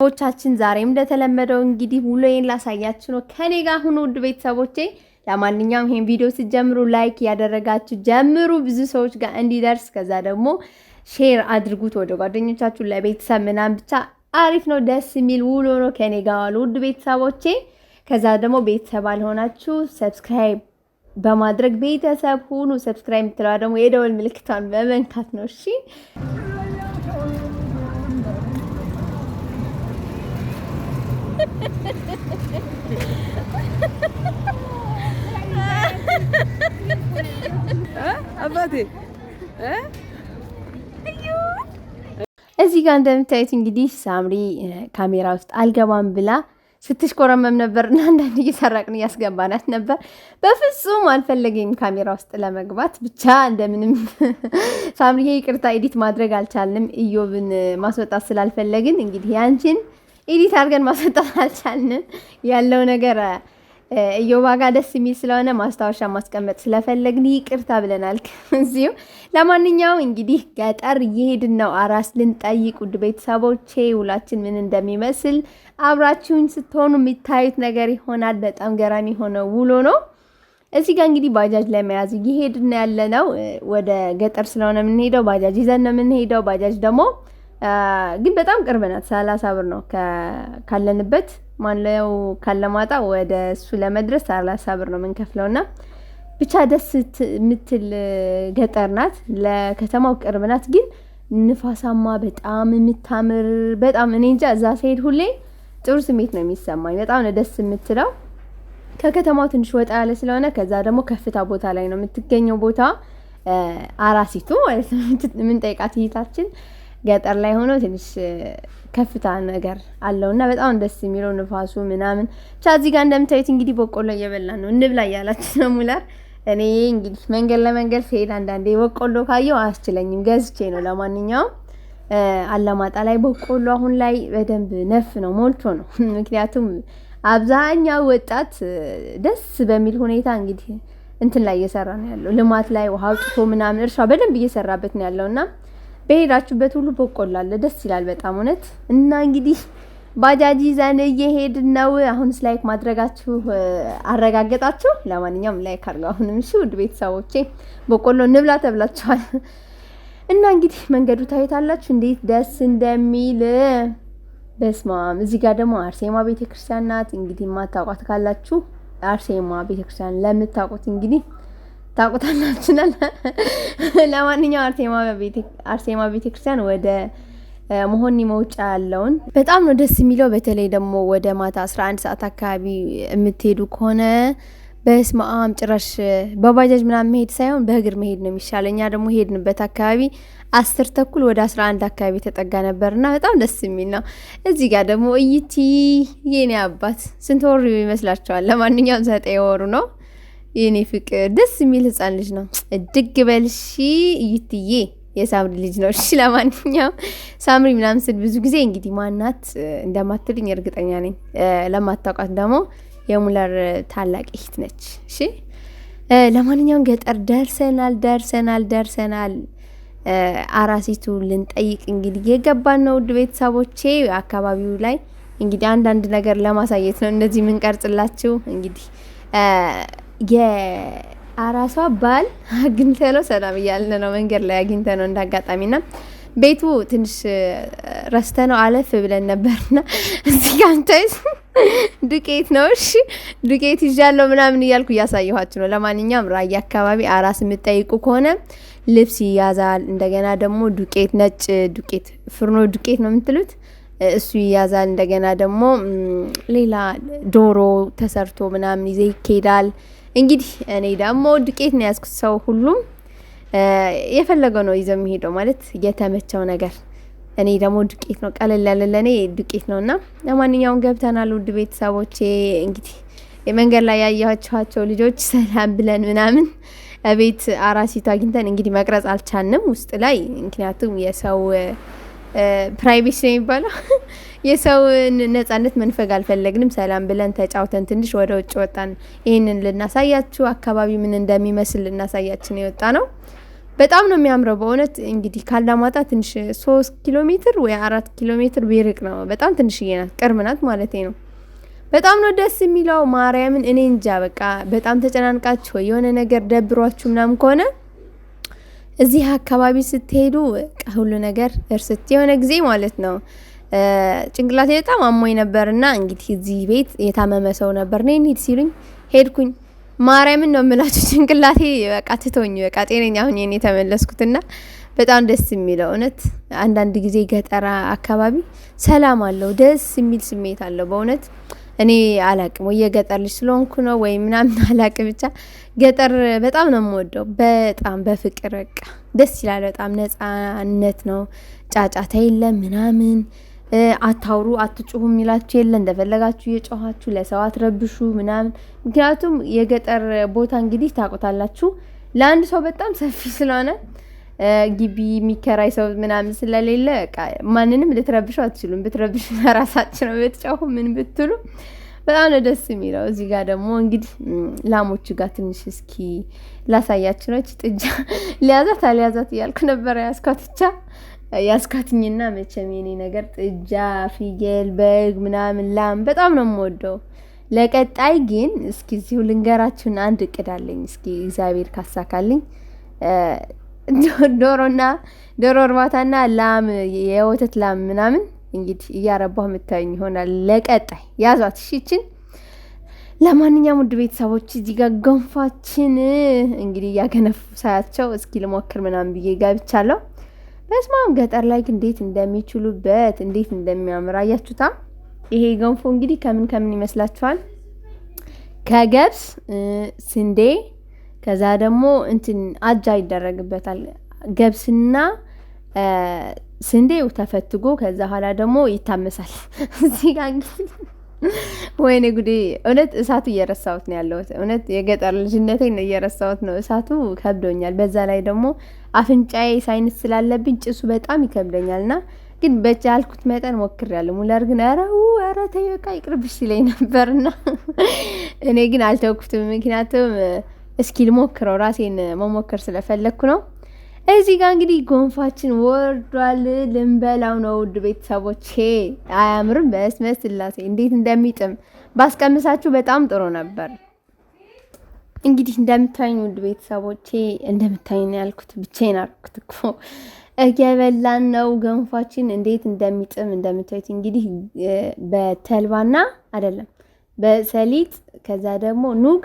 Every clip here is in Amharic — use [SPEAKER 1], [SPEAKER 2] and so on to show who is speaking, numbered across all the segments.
[SPEAKER 1] ቤተሰቦቻችን ዛሬም እንደተለመደው እንግዲህ ውሎዬን ላሳያችሁ ነው። ከኔ ጋር ሁኑ ውድ ቤተሰቦቼ። ለማንኛውም ይሄን ቪዲዮ ሲጀምሩ ላይክ ያደረጋችሁ ጀምሩ፣ ብዙ ሰዎች ጋር እንዲደርስ ከዛ ደግሞ ሼር አድርጉት ወደ ጓደኞቻችሁ ለቤተሰብ ምናምን። ብቻ አሪፍ ነው፣ ደስ የሚል ውሎ ነው። ከኔ ጋር ዋሉ ውድ ቤተሰቦቼ። ከዛ ደግሞ ቤተሰብ አልሆናችሁ ሰብስክራይብ በማድረግ ቤተሰብ ሁኑ። ሰብስክራይብ የምትለዋ ደግሞ የደወል ምልክቷን በመንካት ነው። እሺ አባቴ እዚህ ጋር እንደምታዩት እንግዲህ ሳምሪ ካሜራ ውስጥ አልገባም ብላ ስትሽኮረመም ነበር እና አንዳንድ እየሰራቅን እያስገባናት ነበር። በፍጹም አልፈለገኝም ካሜራ ውስጥ ለመግባት ብቻ እንደምንም ሳምሪ ይቅርታ ኤዲት ማድረግ አልቻልንም፣ እዮብን ማስወጣት ስላልፈለግን እንግዲህ ያንቺን ኤዲት አድርገን ማስወጣት አልቻልንም። ያለው ነገር እዮባ ጋር ደስ የሚል ስለሆነ ማስታወሻ ማስቀመጥ ስለፈለግን ይቅርታ ብለናል። እዚሁ ለማንኛውም እንግዲህ ገጠር እየሄድን ነው አራስ ልንጠይቅ። ውድ ቤተሰቦቼ ውላችን ምን እንደሚመስል አብራችሁን ስትሆኑ የሚታዩት ነገር ይሆናል። በጣም ገራሚ ሆነ ውሎ ነው። እዚህ ጋር እንግዲህ ባጃጅ ለመያዝ እየሄድን ያለ ነው። ወደ ገጠር ስለሆነ የምንሄደው ባጃጅ ይዘን ነው የምንሄደው። ባጃጅ ደግሞ ግን በጣም ቅርብ ናት። ሰላሳ ብር ነው ካለንበት ማንለው ካለማጣ ወደ እሱ ለመድረስ ሰላሳ ብር ነው የምንከፍለውና ብቻ ደስ የምትል ገጠር ናት። ለከተማው ቅርብ ናት፣ ግን ንፋሳማ በጣም የምታምር በጣም እኔ እንጃ እዛ ስሄድ ሁሌ ጥሩ ስሜት ነው የሚሰማኝ። በጣም ነው ደስ የምትለው። ከከተማው ትንሽ ወጣ ያለ ስለሆነ ከዛ ደግሞ ከፍታ ቦታ ላይ ነው የምትገኘው ቦታ አራሲቱ ማለት ነው የምንጠይቃት እይታችን ገጠር ላይ ሆኖ ትንሽ ከፍታ ነገር አለው እና በጣም ደስ የሚለው ንፋሱ ምናምን ብቻ። እዚህ ጋር እንደምታዩት እንግዲህ በቆሎ እየበላን ነው። እንብላ እያላችሁ ነው ሙላር። እኔ እንግዲህ መንገድ ለመንገድ ስሄድ አንዳንዴ በቆሎ ካየው አያስችለኝም፣ ገዝቼ ነው። ለማንኛውም አላማጣ ላይ በቆሎ አሁን ላይ በደንብ ነፍ ነው ሞልቶ ነው። ምክንያቱም አብዛኛው ወጣት ደስ በሚል ሁኔታ እንግዲህ እንትን ላይ እየሰራ ነው ያለው ልማት ላይ ውሃ አውጥቶ ምናምን እርሻ በደንብ እየሰራበት ነው ያለው እና በሄዳችሁበት ሁሉ በቆሎ አለ። ደስ ይላል በጣም እውነት። እና እንግዲህ ባጃጅ ይዘን እየሄድን ነው። አሁንስ ላይክ ማድረጋችሁ አረጋገጣችሁ? ለማንኛውም ላይክ አድርጉ። አሁንም እሺ፣ ውድ ቤተሰቦቼ በቆሎ ንብላ ተብላችኋል። እና እንግዲህ መንገዱ ታይታላችሁ እንዴት ደስ እንደሚል በስመ እዚህ ጋር ደግሞ አርሴማ ቤተክርስቲያን ናት። እንግዲህ የማታውቋት ካላችሁ አርሴማ ቤተክርስቲያን ለምታውቁት እንግዲህ ታውቁታላችሁ። ለማንኛውም አርሴማ ቤተክርስቲያን ወደ መሆኒ መውጫ ያለውን በጣም ነው ደስ የሚለው። በተለይ ደግሞ ወደ ማታ 11 ሰዓት አካባቢ የምትሄዱ ከሆነ በስመ አብ ጭራሽ በባጃጅ ምናምን መሄድ ሳይሆን በእግር መሄድ ነው የሚሻለው። እኛ ደግሞ ሄድንበት አካባቢ አስር ተኩል ወደ አስራ አንድ አካባቢ የተጠጋ ነበርና በጣም ደስ የሚል ነው። እዚህ ጋር ደግሞ እይቲ የኔ አባት ስንት ወሩ ይመስላችኋል? ለማንኛውም ዘጠኝ ወሩ ነው። የኔ ፍቅር ደስ የሚል ህፃን ልጅ ነው። እድግ በልሺ እይትዬ የሳምሪ ልጅ ነው። እሺ ለማንኛውም ሳምሪ ምናምን ስል ብዙ ጊዜ እንግዲህ ማናት እንደማትልኝ እርግጠኛ ነኝ። ለማታውቃት ደግሞ የሙለር ታላቅ እህት ነች። እሺ ለማንኛውም ገጠር ደርሰናል ደርሰናል ደርሰናል። አራሲቱ ልንጠይቅ እንግዲህ የገባን ነው። ውድ ቤተሰቦቼ አካባቢው ላይ እንግዲህ አንዳንድ ነገር ለማሳየት ነው እነዚህ የምንቀርጽላችሁ እንግዲህ የአራሷ ባል አግኝተ ነው ሰላም እያልን ነው። መንገድ ላይ አግኝተ ነው እንዳጋጣሚ ና ቤቱ ትንሽ ረስተ ነው አለፍ ብለን ነበርና እዚህ ጋንታይስ ዱቄት ነው እሺ፣ ዱቄት ይዣለሁ ምናምን እያልኩ እያሳየኋችሁ ነው። ለማንኛውም ራያ አካባቢ አራስ የምጠይቁ ከሆነ ልብስ ይያዛል። እንደገና ደግሞ ዱቄት፣ ነጭ ዱቄት፣ ፍርኖ ዱቄት ነው የምትሉት እሱ ይያዛል። እንደገና ደግሞ ሌላ ዶሮ ተሰርቶ ምናምን ይዘ ይኬዳል። እንግዲህ እኔ ደግሞ ዱቄት ነው ያዝኩት። ሰው ሁሉም የፈለገው ነው ይዘው የሚሄደው ማለት የተመቸው ነገር። እኔ ደግሞ ዱቄት ነው ቀለል ያለ ለእኔ ዱቄት ነው እና ለማንኛውም ገብተናል። ውድ ቤተሰቦቼ እንግዲህ የመንገድ ላይ ያያችኋቸው ልጆች ሰላም ብለን ምናምን ቤት አራሲቱ አግኝተን እንግዲህ መቅረጽ አልቻንም ውስጥ ላይ ምክንያቱም የሰው ፕራይቬሲ ነው የሚባለው። የሰውን ነጻነት መንፈግ አልፈለግንም። ሰላም ብለን ተጫውተን ትንሽ ወደ ውጭ ወጣን። ይህንን ልናሳያችሁ አካባቢ ምን እንደሚመስል ልናሳያችን የወጣ ነው። በጣም ነው የሚያምረው በእውነት እንግዲህ ካላማጣ ትንሽ ሶስት ኪሎ ሜትር ወይ አራት ኪሎ ሜትር ቢርቅ ነው። በጣም ትንሽዬ ናት፣ ቅርብ ናት ማለት ነው። በጣም ነው ደስ የሚለው ማርያምን። እኔ እንጃ በቃ በጣም ተጨናንቃችሁ የሆነ ነገር ደብሯችሁ ምናምን ከሆነ እዚህ አካባቢ ስትሄዱ ሁሉ ነገር እርስት የሆነ ጊዜ ማለት ነው ጭንቅላቴ በጣም አሞኝ ነበር እንግዲህ እዚህ ቤት የታመመ ሰው ነበር ነ ሄድ ሲሉኝ ሄድኩኝ። ማርያምን ነው የምላችሁ ጭንቅላቴ በቃ ትቶኝ በቃ ጤነኛ ሁኝ ኔ የተመለስኩትና በጣም ደስ የሚለው እውነት አንዳንድ ጊዜ ገጠራ አካባቢ ሰላም አለው፣ ደስ የሚል ስሜት አለው በእውነት እኔ አላቅም ወይ የገጠር ልጅ ስለሆንኩ ነው ወይ ምናምን አላቅም። ብቻ ገጠር በጣም ነው የምወደው። በጣም በፍቅር በቃ ደስ ይላል። በጣም ነፃነት ነው። ጫጫታ የለም ምናምን አታውሩ አትጩሁ የሚላችሁ የለ። እንደፈለጋችሁ እየጮኋችሁ ለሰው አትረብሹ ምናምን። ምክንያቱም የገጠር ቦታ እንግዲህ ታቆታላችሁ ለአንድ ሰው በጣም ሰፊ ስለሆነ ግቢ የሚከራይ ሰው ምናምን ስለሌለ ማንንም ልትረብሹ አትችሉም። ብትረብሹ ራሳችን ነው ብትጫሁ ምን ብትሉ በጣም ነው ደስ የሚለው። እዚህ ጋር ደግሞ እንግዲህ ላሞቹ ጋር ትንሽ እስኪ ላሳያችሁ ነች ጥጃ ሊያዛት አልያዛት እያልኩ ነበረ። ያስኳትቻ ያስኳትኝና መቼም የኔ ነገር ጥጃ፣ ፍየል፣ በግ ምናምን ላም በጣም ነው የምወደው። ለቀጣይ ግን እስኪ እዚሁ ልንገራችሁን አንድ እቅድ አለኝ። እስኪ እግዚአብሔር ካሳካልኝ ዶሮና ዶሮ እርባታና ላም የወተት ላም ምናምን እንግዲህ እያረባሁ የምታዩኝ ይሆናል። ለቀጣይ ያዟት ሽችን። ለማንኛውም ውድ ቤተሰቦች እዚህ ጋር እንግዲህ እያገነፉ ሳያቸው እስኪ ልሞክር ምናምን ብዬ ጋብቻለሁ። በስማም ገጠር ላይ እንዴት እንደሚችሉበት እንዴት እንደሚያምር አያችሁታ። ይሄ ገንፎ እንግዲህ ከምን ከምን ይመስላችኋል? ከገብስ ስንዴ ከዛ ደግሞ እንትን አጃ ይደረግበታል። ገብስና ስንዴው ተፈትጎ ከዛ በኋላ ደግሞ ይታመሳል። እዚህ ጋር ወይኔ ጉዴ! እውነት እሳቱ እየረሳሁት ነው ያለሁት። እውነት የገጠር ልጅነቴን እየረሳሁት ነው። እሳቱ ከብዶኛል። በዛ ላይ ደግሞ አፍንጫዬ ሳይንስ ስላለብኝ ጭሱ በጣም ይከብደኛል እና ግን በቻልኩት መጠን ሞክሬያለሁ። ሙለር ግን ኧረ ኧረ ተይው በቃ ይቅርብሽ ሲለኝ ነበርና እኔ ግን አልተውኩትም ምክንያቱም እስኪ ልሞክረው ራሴን መሞከር ስለፈለግኩ ነው። እዚህ ጋር እንግዲህ ጎንፋችን ወርዷል። ልንበላው ነው ውድ ቤተሰቦቼ። አያምርም? በስመ ስላሴ እንዴት እንደሚጥም ባስቀምሳችሁ በጣም ጥሩ ነበር። እንግዲህ እንደምታኝ ውድ ቤተሰቦቼ፣ እንደምታዩኝ ያልኩት ብቻዬን አልኩት እኮ እየበላን ነው። ገንፋችን እንዴት እንደሚጥም እንደምታዩት እንግዲህ በተልባና አይደለም በሰሊጥ ከዛ ደግሞ ኑግ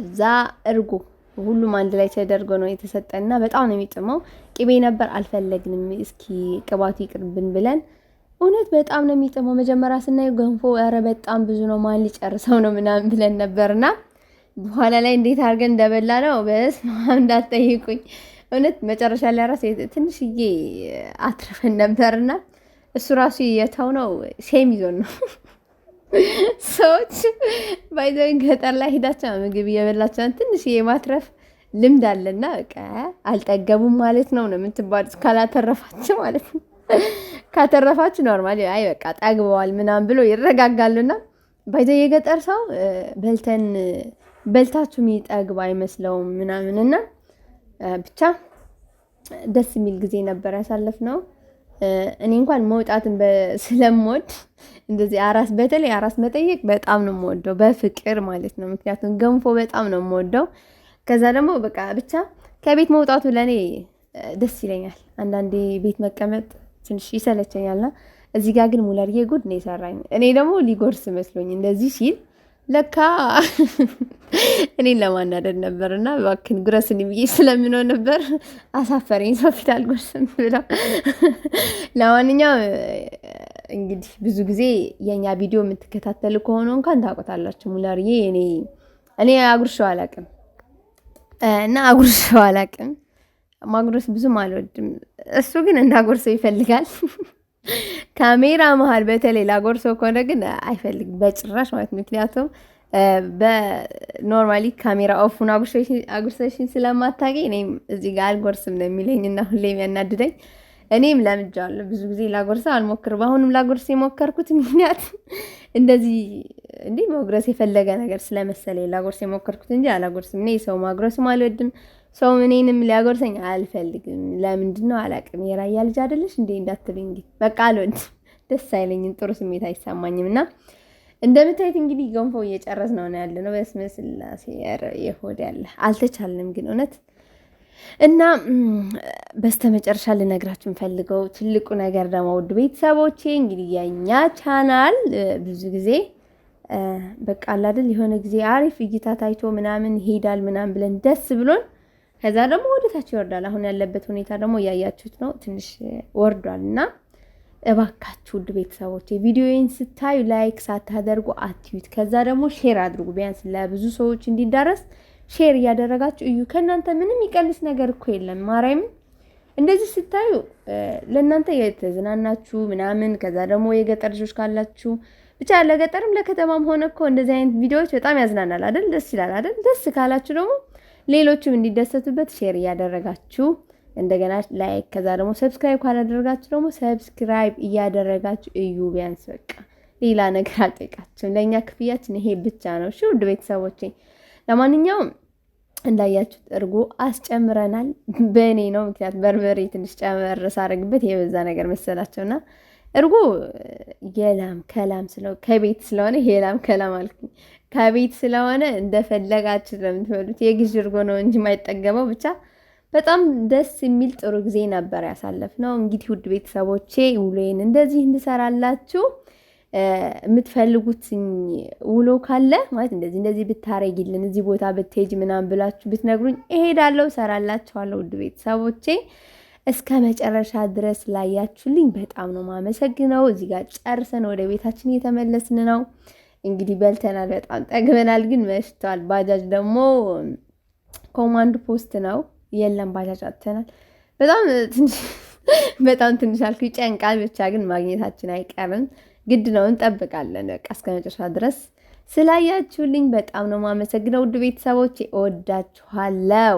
[SPEAKER 1] እዛ እርጎ ሁሉም አንድ ላይ ተደርጎ ነው የተሰጠና በጣም ነው የሚጥመው። ቅቤ ነበር አልፈለግንም፣ እስኪ ቅባቱ ይቅርብን ብለን እውነት በጣም ነው የሚጥመው። መጀመሪያ ስናየ ገንፎ ኧረ በጣም ብዙ ነው ማን ሊጨርሰው ነው ምናምን ብለን ነበርና በኋላ ላይ እንዴት አድርገን እንደበላ ነው በስ እንዳትጠይቁኝ። እውነት መጨረሻ ላይ ራስ ትንሽዬ አትርፈን ነበርና እሱ ራሱ የተው ነው ሴም ይዞን ነው ሰዎች ባይዘን ገጠር ላይ ሂዳቸው ምግብ እየበላቸው ትንሽ የማትረፍ ልምድ አለና በቃ አልጠገቡም ማለት ነው ነው የምትባሉት። ካላተረፋች ማለት ነው። ካተረፋች ኖርማል አይ በቃ ጠግበዋል ምናምን ብሎ ይረጋጋሉና ባይዘ የገጠር ሰው በልተን በልታችሁ የሚጠግብ አይመስለውም ምናምን እና ብቻ ደስ የሚል ጊዜ ነበር ያሳለፍ ነው። እኔ እንኳን መውጣትን ስለምወድ እንደዚህ አራስ በተለይ አራስ መጠየቅ በጣም ነው የምወደው፣ በፍቅር ማለት ነው። ምክንያቱም ገንፎ በጣም ነው የምወደው። ከዛ ደግሞ በቃ ብቻ ከቤት መውጣቱ ለእኔ ደስ ይለኛል። አንዳንዴ ቤት መቀመጥ ትንሽ ይሰለቸኛልና እዚህ ጋር ግን ሙለርዬ ጉድ ነው የሰራኝ። እኔ ደግሞ ሊጎርስ መስሎኝ እንደዚህ ሲል ለካ እኔን ለማናደድ ነበር እና እባክህን ጉረስን ብዬ ስለምንሆን ነበር። አሳፈረኝ። ሰው ፊት አልጎርስም ብለው። ለማንኛውም እንግዲህ ብዙ ጊዜ የእኛ ቪዲዮ የምትከታተል ከሆነ እንኳን ታውቆታላችሁ። ሙላርዬ እኔ እኔ አጉርሸው አላውቅም እና አጉርሸው አላውቅም። ማጉረስ ብዙም አልወድም። እሱ ግን እንዳጎርሰው ይፈልጋል። ካሜራ መሀል በተለይ ላጎር ሰው ከሆነ ግን አይፈልግም በጭራሽ ማለት ምክንያቱም በኖርማሊ ካሜራ ኦፉን አጉርሰሽኝ ስለማታገኝ እኔም እዚህ ጋር አልጎርስም ነው የሚለኝ እና ሁሌ ያናድደኝ። እኔም ለምጃዋለ ብዙ ጊዜ ላጎርሰ አልሞክር በአሁኑም ላጎርስ የሞከርኩት ምክንያት እንደዚህ እንዲህ መጉረስ የፈለገ ነገር ስለመሰለ ላጎርስ የሞከርኩት እንጂ አላጎርስም። እኔ ሰው ማጉረስም አልወድም። ሰው እኔንም ሊያጎርሰኝ አልፈልግም። ለምንድን ነው አላውቅም። የራያ ልጅ አይደለሽ እንዴ እንዳትሉኝ እንግዲህ በቃ አልወድ ደስ አይለኝም፣ ጥሩ ስሜት አይሰማኝም። እና እንደምታየት እንግዲህ ገንፎ እየጨረስ ነው ነው ያለ ነው። በስመ ስላሴ ኧረ የሆድ ያለ አልተቻልንም ግን እውነት እና በስተመጨረሻ ልነግራችሁ የምፈልገው ትልቁ ነገር ደግሞ ውድ ቤተሰቦቼ እንግዲህ የኛ ቻናል ብዙ ጊዜ በቃ አላደል የሆነ ጊዜ አሪፍ እይታ ታይቶ ምናምን ይሄዳል ምናምን ብለን ደስ ብሎን ከዛ ደግሞ ወደታች ይወርዳል። አሁን ያለበት ሁኔታ ደግሞ እያያችሁት ነው፣ ትንሽ ወርዷል እና እባካችሁ ውድ ቤተሰቦች ቪዲዮዬን ስታዩ ላይክ ሳታደርጉ አትዩት። ከዛ ደግሞ ሼር አድርጉ፣ ቢያንስ ለብዙ ሰዎች እንዲዳረስ ሼር እያደረጋችሁ እዩ። ከእናንተ ምንም ይቀንስ ነገር እኮ የለም። ማርያም እንደዚህ ስታዩ ለእናንተ የተዝናናችሁ ምናምን። ከዛ ደግሞ የገጠር ልጆች ካላችሁ ብቻ ለገጠርም ለከተማም ሆነ እኮ እንደዚህ አይነት ቪዲዮዎች በጣም ያዝናናል አይደል? ደስ ይላል አይደል? ደስ ካላችሁ ደግሞ ሌሎችም እንዲደሰቱበት ሼር እያደረጋችሁ እንደገና ላይክ፣ ከዛ ደግሞ ሰብስክራይብ ካላደረጋችሁ ደግሞ ሰብስክራይብ እያደረጋችሁ እዩ። ቢያንስ በቃ ሌላ ነገር አልጠይቃችሁም። ለእኛ ክፍያችን ይሄ ብቻ ነው። ውድ ቤተሰቦቼ፣ ለማንኛውም እንዳያችሁ እርጎ አስጨምረናል። በእኔ ነው ምክንያት በርበሬ ትንሽ ጨመር ሳደርግበት የበዛ ነገር መሰላቸውና እርጎ የላም ከላም ከቤት ስለሆነ የላም ከላም አልኩኝ። ከቤት ስለሆነ እንደፈለጋችሁ ለምትበሉት የግዥ እርጎ ነው እንጂ ማይጠገመው። ብቻ በጣም ደስ የሚል ጥሩ ጊዜ ነበር ያሳለፍ ነው። እንግዲህ ውድ ቤተሰቦቼ ውሎዬን እንደዚህ እንድሰራላችሁ የምትፈልጉትኝ ውሎ ካለ ማለት እንደዚህ እንደዚህ ብታረጊልን እዚህ ቦታ ብትሄጅ ምናምን ብላችሁ ብትነግሩኝ እሄዳለሁ፣ ሰራላችኋለሁ። ውድ ቤተሰቦቼ እስከ መጨረሻ ድረስ ላያችሁልኝ በጣም ነው ማመሰግነው። እዚህ ጋር ጨርሰን ወደ ቤታችን እየተመለስን ነው። እንግዲህ በልተናል፣ በጣም ጠግበናል፣ ግን መሽቷል። ባጃጅ ደግሞ ኮማንድ ፖስት ነው የለም፣ ባጃጅ አጥተናል። በጣም ትንሽ በጣም ትንሽ አልኩ፣ ይጨንቃል። ብቻ ግን ማግኘታችን አይቀርም፣ ግድ ነው፣ እንጠብቃለን በቃ እስከ መጨረሻ ድረስ። ስላያችሁልኝ በጣም ነው ማመሰግነው። ውድ ቤተሰቦች እወዳችኋለሁ።